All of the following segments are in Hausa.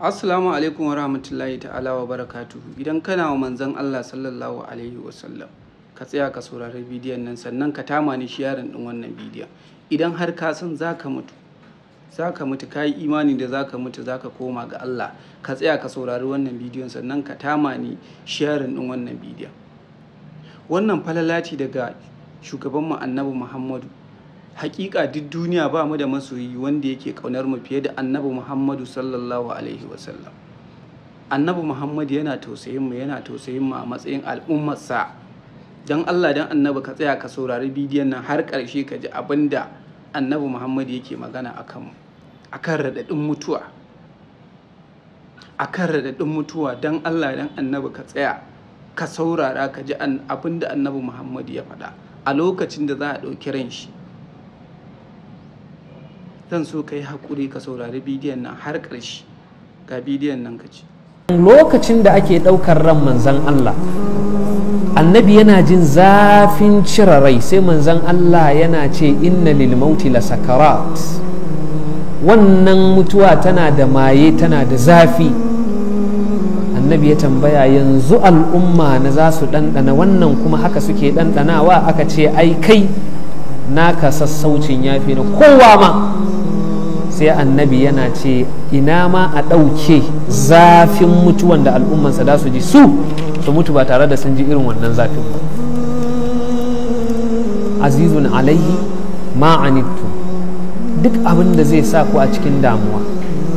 Assalamu alaikum wa rahmatullahi ta'ala wa barakatu idan kana wa manzan Allah sallallahu alaihi wa sallam ka tsaya ka saurari bidiyon nan sannan ka tama ni din wannan bidiyon idan har ka san zaka mutu zaka mutu kai imani da zaka mutu zaka koma ga Allah ka tsaya ka saurari wannan bidiyon sannan ka tama ni sharing din wannan bidiyon wannan falalaci daga shugaban mu Annabi Muhammadu hakika duk duniya ba mu da masoyi wanda yake kaunar mu fiye da annabi muhammadu sallallahu alaihi wasallam annabi muhammadu yana tausayin mu yana tausayin mu a matsayin al'ummarsa don allah don annabi ka tsaya ka saurari bidiyon nan har ƙarshe ka ji abin da annabi muhammadu yake magana a kan raɗaɗin mutuwa akan raɗaɗin mutuwa don allah don annabi ka tsaya ka saurara ka ji abin da annabi muhammadu ya faɗa a lokacin da za a ɗauki ran shi zan so ka yi haƙuri ka saurari bidiyon nan har ƙarshe ga bidiyon nan ka lokacin da ake ɗaukar ran manzan Allah annabi yana jin zafin cire rai sai manzan Allah yana ce inna lil mauti la sakarat wannan mutuwa tana da maye tana da zafi annabi ya tambaya yanzu al'umma na za su ɗanɗana wannan kuma haka suke ɗanɗanawa aka ce ai kai naka sassaucin yafi na kowa ma sai annabi yana ce ina ma a ɗauke zafin mutuwan da al'ummansa da su ji su su mutu ba tare da sun ji irin wannan zafin ba azizun alaihi ma'anittu duk abin da zai sa ku a cikin damuwa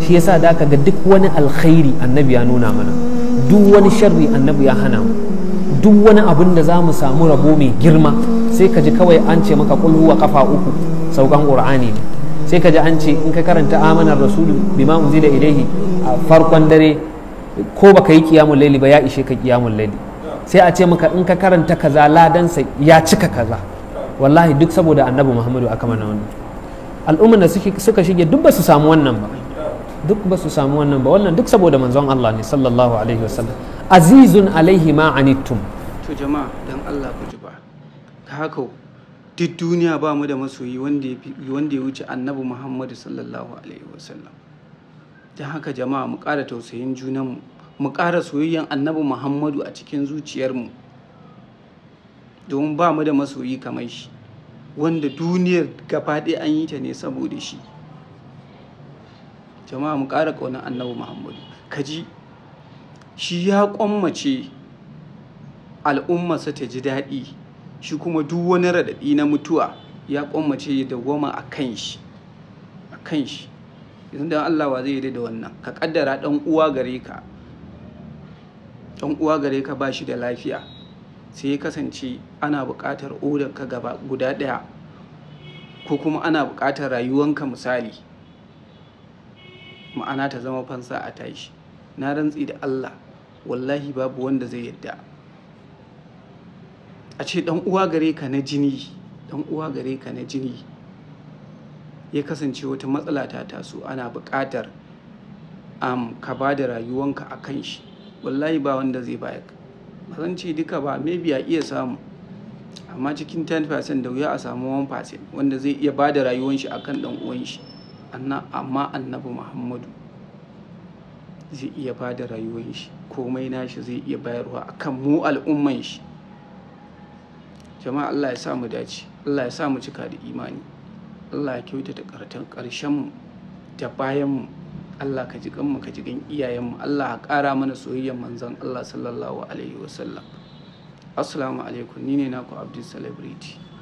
shi yasa da aka ga duk wani alkhairi annabi ya nuna mana duk wani sharri annabi ya hana mu duk wani abin da za mu samu rabo mai girma sai ka ji kawai an ce maka kulhu wa kafa uku saukan qur'ani ne sai ka ji an ce in ka karanta amanar rasulu bima unzila ilaihi a farkon dare ko baka yi kiyamul laili ba ya ishe ka kiyamul laili sai a ce maka in ka karanta kaza ladansa ya cika kaza wallahi duk saboda annabi muhammadu aka mana wannan al'ummar da suka shige duk ba su samu wannan ba duk ba su samu wannan ba wannan duk saboda manzon Allah ne sallallahu alaihi wasallam azizun alaihi ma anittum to jama'a dan Allah ku ji ba haka duk duniya ba mu da masoyi wanda ya wuce annabi muhammadu sallallahu alaihi wasallam don haka jama'a mu ƙara tausayin junanmu mu ƙara soyayyen annabi muhammadu a cikin zuciyarmu domin ba mu da masoyi kamar shi wanda duniyar gaba ɗaya an yi ta ne saboda shi jama'a mu ƙara ƙaunar annabi muhammadu kaji shi ya ƙwammace al'ummarsa ta ji daɗi shi kuma duk wani raɗaɗi na mutuwa ya ƙwammace ya dawwama a kan shi a kan shi yanzu da Allah wa zai da wannan ka ƙaddara ɗan uwa gare ka ba shi da lafiya sai ya kasance ana buƙatar odar ka gaba guda ɗaya ko kuma ana buƙatar rayuwanka misali ma'ana ta zama fansa a tashi na rantsi da Allah wallahi babu wanda zai yadda a ce dan uwa gare ka na jini dan uwa gare ka na jini ya kasance wata matsala ta taso ana buƙatar am um, ka ba da rayuwanka a kan shi wallahi ba wanda zai baya ba zan ce duka ba maybe a iya samu amma cikin 10% da wuya a samu 1% wanda zai iya ba da rayuwan shi akan dan uwan shi amma annabi muhammadu zai iya ba da rayuwan shi komai nashi zai iya bayarwa akan mu al'umman shi jama'a Allah ya sa mu dace Allah ya sa mu cika da imani Allah ya kyautata karatun karshen mu da bayan mu Allah ka ji mu ka ji kan iyayen mu Allah ya ƙara mana soyayyar manzon Allah sallallahu alaihi wasallam assalamu alaikum ni ne naku Abdul Celebrity